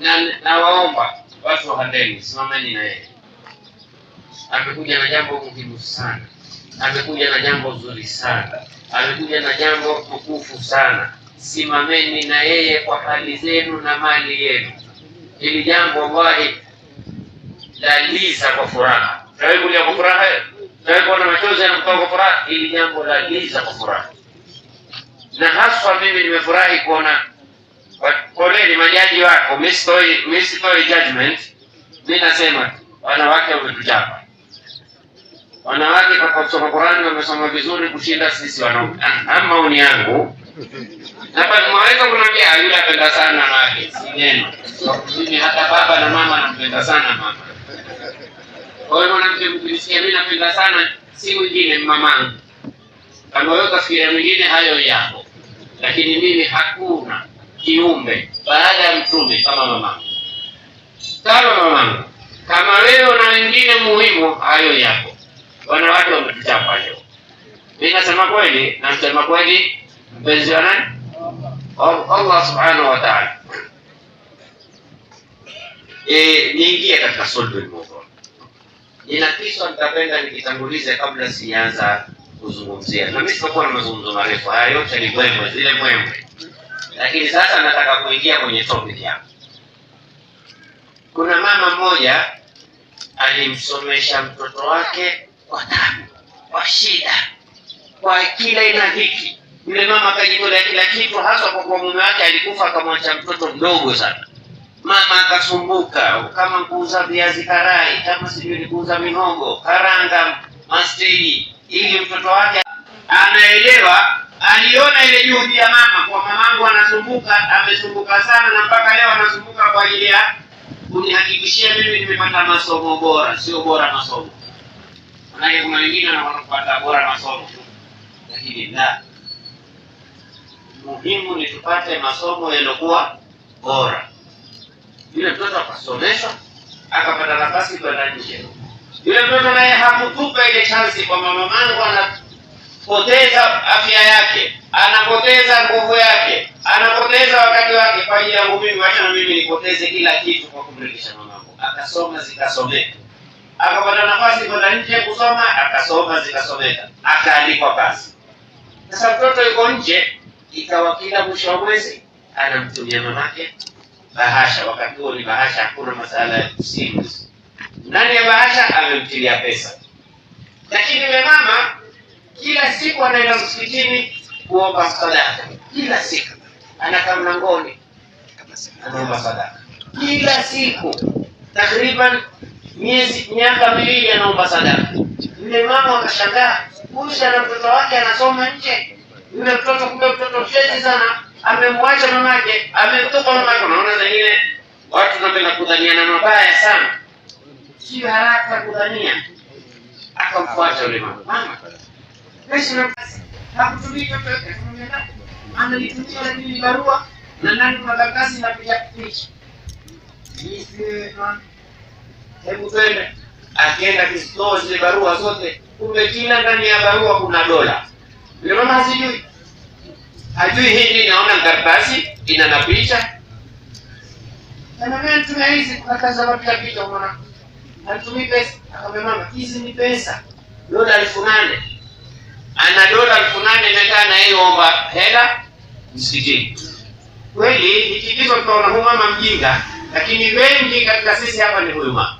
na nawaomba watu wa simameni na yeye. Amekuja na jambo muhimu sana, amekuja na jambo zuri sana, amekuja na jambo tukufu sana. Simameni na yeye kwa hali zenu na mali yenu. Hili jambo wallahi laliza kwa furaha. Tawai kulia kwa furaha, tawai kuona machozi yanamtoka kwa furaha. Hili jambo laliza kwa furaha, na haswa mimi nimefurahi kuona ni majaji wako, mimi sitoi judgment. Mimi nasema wanawake wametuchapa, wanawake kwa kusoma Qur'ani wamesoma vizuri kushinda sisi wanaume. Ama ah, maoni yangu hapa, mwaweza kuniambia ah, yule apenda sana na wake neno mimi, hata baba na mama anampenda sana mama. Kwa hiyo mwanamke mkisikia mimi napenda sana, si mwingine mamangu. Kama wewe kafikiria mwingine, hayo yako, lakini mimi hakuna kiumbe baada ya mtume kama mama Sawa mama kama wewe na wengine muhimu hayo yako. Wanawake wametuchapa leo, mimi nasema kweli, na nasema kweli, mpenzi wa nani? Allah subhanahu wa ta'ala. E, niingie katika Sulbul Mawdu'a. Nina kiso nitapenda nikitangulize kabla sianza kuzungumzia, na mimi sitakuwa na mazungumzo marefu. Haya yote ni mwembe, zile mwembe lakini sasa nataka kuingia kwenye topic yangu. Kuna mama mmoja alimsomesha mtoto wake kwa tabu, kwa shida, kwa kila aina dhiki. Yule mama akajitolea kila kitu, hasa kwa kuwa mume wake alikufa akamwacha mtoto mdogo sana. Mama akasumbuka, kama kuuza viazi karai, kama sijui ni kuuza mihogo, karanga, mastei, ili mtoto wake anaelewa aliona ile juhudi ya mama, kwa mamangu anazunguka amezunguka sana, na mpaka leo anazunguka kwa ajili ya kunihakikishia mimi nimepata masomo bora, sio bora masomo. Maanake kuna wengine wanaona kupata bora masomo, lakini la muhimu ni tupate masomo yaliokuwa bora. Yule mtoto akasomeshwa, akapata nafasi kwenda nje. Yule mtoto naye hakutupa ile chansi kwa mama mangu ana anapoteza afya yake, anapoteza nguvu yake, anapoteza wakati wake kwa ajili yangu mimi. Wacha na mimi nipoteze kila kitu kwa kumridhisha mamangu. Akasoma zikasomeka, akapata nafasi kwenda nje kusoma, akasoma zikasomeka, akaandikwa kazi. Sasa mtoto yuko nje, ikawa kila mwisho wa mwezi anamtumia mamake bahasha. Wakati huo ni bahasha, hakuna masala ya simu. Ndani ya bahasha amemtilia pesa, lakini mama kila siku anaenda msikitini kuomba sadaka, kila siku anakaa mlangoni anaomba sadaka kila siku, takriban miezi miaka miwili anaomba sadaka. Yule mama akashangaa, huyu ana mtoto wake anasoma nje, yule mtoto kumbe mtoto mshezi sana, amemwacha mamake, amemtupa mamake. Unaona, zengine watu napenda kudhaniana mabaya sana, sio haraka kudhania. Akamfuata yule mama mama Jeshi la Polisi hakutumii analitumia, lakini barua na ndani kuna karatasi na pia eh, ah, Hebu twende, akienda kistoo zile barua zote, kumbe kila ndani ya barua kuna dola. Yule mama hazijui, hajui hili, naona karatasi ina na picha Anamwambia tumia hizi kukataza watu ya picha mwana. Alitumii pesa, akamwambia mama, hizi ni pesa. Dola elfu nane ana dola elfu nane imekaa na yeye omba hela msikitini. Kweli ikigizo tukaona huyu mama mjinga, lakini wengi katika sisi hapa ni huyu mama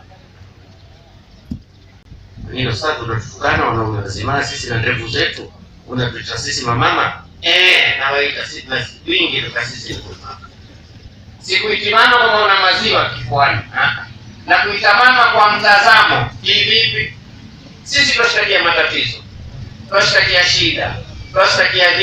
ndio sasa tunatukana wanaume wazima, sisi na ndevu zetu, unatuita sisi mamama eh, na waita sisi na wingi tuka sisi ni mama. Siku ikimana kama una maziwa kifuani na kuita mama kwa mtazamo hivi hivi, sisi tunashtakia matatizo gosta de agida, gosta de agir. Né?